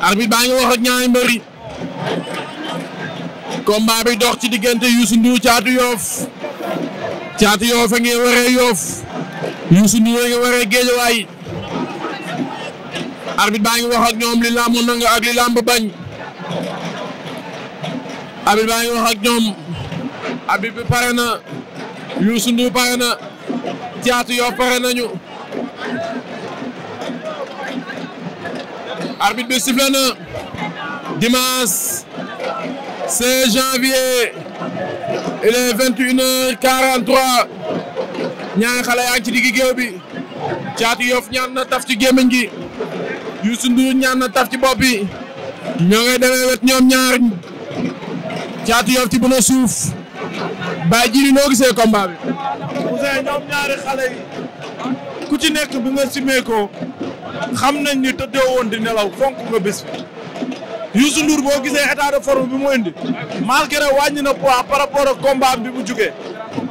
arbitre baa ngi wax ak ñaari mbër yi combat bi dox ci diggante Youssou Ndour Thiatou Yoff Thiatou Yoff a ngi waree Yoff Youssou Ndour a ngi waree Guédiawaye arbitre baa ngi wax ak ñoom li làmb nangu ak li làmb bañ arbitre baa ngi wax ak ñoom arbitre bi pare na Youssou Ndour pare na Thiatou Yoff pare nañu arbitre bi sifflé na dimanche 16 janvier il est 21 heures 43 ñaari xale yaa ngi ci diggi géew bi Caatu Yoff ñaan na taf ci gémmiñ gi Youssou Ndour na taf ci bopp bi ñoo ngay demee wet ñoom ñaar Caatu Yoff ci bu na suuf bàyyi ji ni noo gisee combat bi. Ousseyn ñoom ñaari xale yi ku ci nekk bu nga simee xam nañ ni tëddee woon di nelaw fonk nga bés bi Youssou Ndour boo gisee état de forme bi mu indi malgré wàññi na poids par rapport ak combat bi mu jugee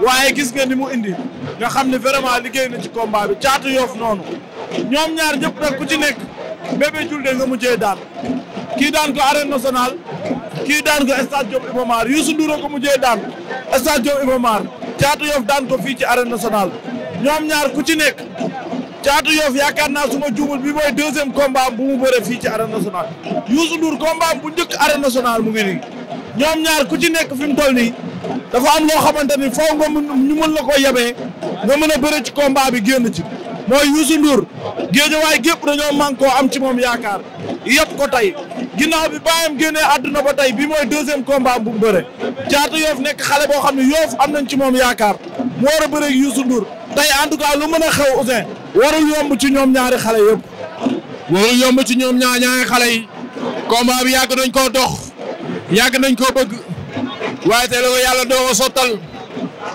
waaye gis nga ni mu indi nga xam ne vraiment liggéey na ci combat bi caatu yoof noonu ñoom ñaar ñëpp nag ku ci nekk Bébé Diouldé nga mujjee daan kii daan ko arène nationale kii daan ko stade Diop Iba ma Youssou Ndour ko mu mujjee daan stade Diop Iba Mar caatu yoof daan ko fii ci arène nationale ñoom ñaar ku ci nekk Caatu Yoff yaakaar naa su ma juumul bi mooy deuxième combat bu mu bëre fii ci arène nationale Youssou Ndour bu njëkk arène nationale mu ngi nii ñoom ñaar ku ci nekk fi mu toll nii dafa am loo xamante ni foo nga ñu mën la ko yebee nga mën a bëre ci combat bi génn ci mooy Youssou Ndour géejawaay gépp dañoo man koo am ci moom yaakaar yëpp ko tey ginnaaw bi bàyyam génnee àdduna ba tey bi mooy deuxième combat bu mu bëre Caatu Yoff nekk xale boo xam ne Yoff am nañ ci moom yaakaar mu war a bëre en tout cas lu mën a xew warul yomb ci ñoom ñaari xale yëpp. warul yomb ci ñoom ñaar ñaari xale yi. combat bi yàgg nañ koo dox. yàgg nañ koo bëgg. waaye tey la ko yàlla doo ko sottal.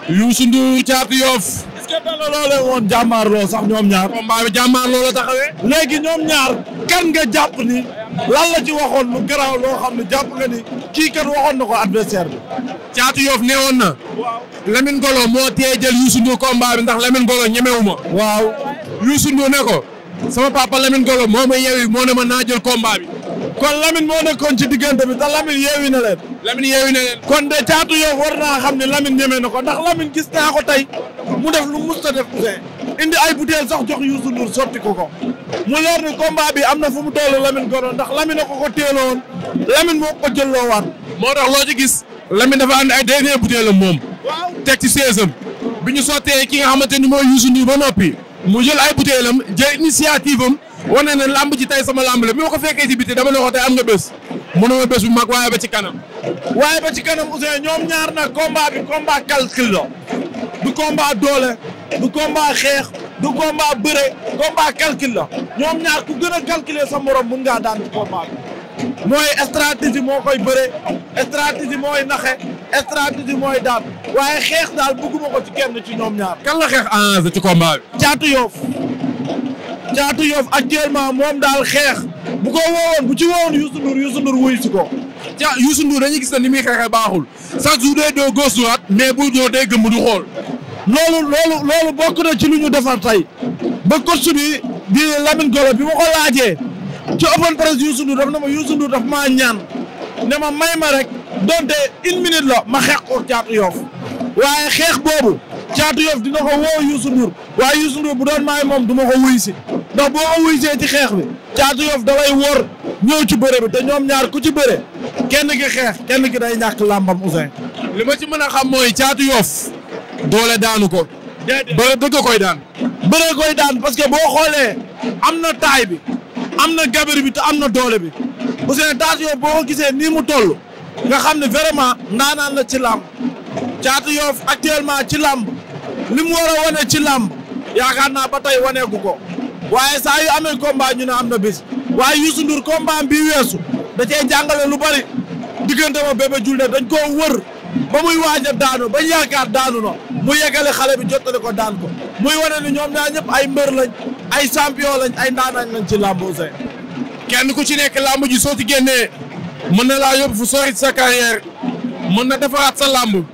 Youssou Ndour Thiatou Yoff. est-ce que dana sax ñoom ñaar. combat bi jàmmaarloo la léegi ñoom ñaar kan nga jàpp ni. lan la ci waxoon lu garaaw loo xam ne jàpp nga ni kii kat waxoon na ko adversaire bi. Thiatou Yoff woon na. waaw Lamine Golo moo tee jël Youssou Ndour ndax Lamine Golo ñemewu ma. waaw. Youssou Ndour ne ko sama papa Lamine Golo moo yeewi moo ne ma naa jël combat bi kon Lamine moo nekkoon ci diggante bi te Lamine yeewi na leen. yeewi na kon de caatu yow war naa xam ne Lamine ñeme na ko ndax Lamine gis naa ko tey mu def lu mus a def Ousseyn indi ay butéel sax jox Youssou Ndour sotti ko ko mu leer ni combat bi am na fu mu toll Lamine Golo ndax Lamine ne ko ko teeloon Lamine moo ko jëlloo waat. moo tax loo ci gis. Lamine dafa ànd ay dernier butéelam moom. waaw teg ci 16 am bi ñu sottee ki nga xamante ni mooy Youssou Ndour ba noppi. mu jël ay butéelam jël initiative am wane ne lamb ji tey sama lamb la bi ma ko fekkee ci biti dama ne ko am nga bés mu ne ma bés bu mag waaye ba ci kanam. waaye ba ci kanam Ousseyn ñoom ñaar nag combat bi combat calcul du combat doole du combat xeex du combat bëre combat calcul la ñoom ñaar ku gën a calculer sa morom mun ngaa daan ci combat bi. mooy stratégie moo koy bëre stratégie mooy naxe. stratégie mooy daan waaye xeex daal bëgguma ko ci kenn ci ñoom ñaar. kan la xeex en ci combat bi. caatu yoof caatu yoof actuellement moom daal xeex bu ko woowoon bu ci woowoon Youssou Ndour Youssou Ndour wuyu si ko. ca Youssou Ndour dañuy gis ne ni muy xeexee baaxul sa jour day doo gauche droite mais bu doo day gëmm xool. loolu loolu loolu bokk ci lu ñu defar tey ba coach bi di Lamine Golo bi ma ko laajee ci open press Youssou Ndour daf na ma Youssou Ndour daf maa ñaan ne ma may ma rek. donte une minute la ma xeex ko caatu yoof waaye xeex boobu caatu yoof dina ko woo Youssou Ndour waaye Youssou Ndour bu doon maay moom du ma ko wuy si ndax boo ko wuy see ci xeex bi caatu yoof da lay wor ñëw ci bëre bi te ñoom ñaar ku ci bëre kenn ki xeex kenn ki day ñàkk làmbam Ousseyn. li ma ci mën a xam mooy caatu yoof doole daanu ko. déedéet bëre dëgg koy daan. bëre koy daan parce que boo xoolee am na taay bi am na gabarit bi te am na doole bi Ousseyn caatu yoof boo ko gisee nii mu toll. nga xam ne vraiment ndaanaan na ci làmb Caatu Yoof actuellement ci làmb li mu war a wane ci làmb yaakaar naa ba tey waneeku ko waaye saa yu amee combat ñu ne am na bis waaye Youssou Ndour combat bi weesu da cee jàngale lu bari diggante ma Bébé Diouldé dañ ko wër ba muy waaj a daanu ba yaakaar daanu na mu yeggale xale bi jottali ko daan ko muy wane ni ñoom ñaar ñëpp ay mbër lañ ay champion lañ ay ndaanaan lañ ci làmb Ousseyn. kenn ku ci nekk làmb ji soo ci génnee mën na laa yóbbu fu sori sa carrière mën na defaraat sa làmb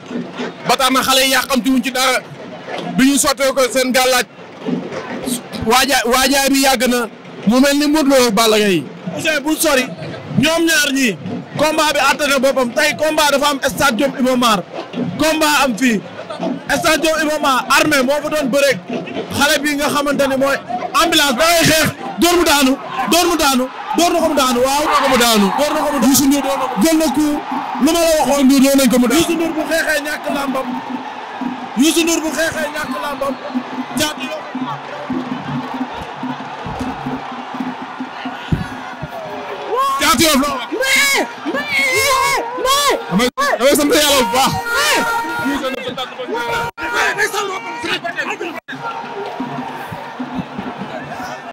ba xale yi yàqamti wuñ ci dara bi ñu sottee ko seen gàllaaj waajaay waajaay bi yàgg na mu mel ni Modou Lo Balla Gaye bu sori ñoom ñaar ñii combat bi àtte boppam tey combat dafa am stade Diop Iba Mar combat am fi stade Diop Iba Mar armée moo fa doon bëreeg xale bi nga xamante ne mooy ambulance da ngay xeex mu daanu door na ko mu daanu waaw. door na ko mu daanu. door na ko mu daanu Youssou Ndour door na ko. jël na ku lu ma la waxoon Ndour door nañ ko mu daanu. Youssou Ndour bu xeexee ñàkk làmbam. Youssou Ndour bu xeexee ñàkk làmbam. jaat yo. jaat yo.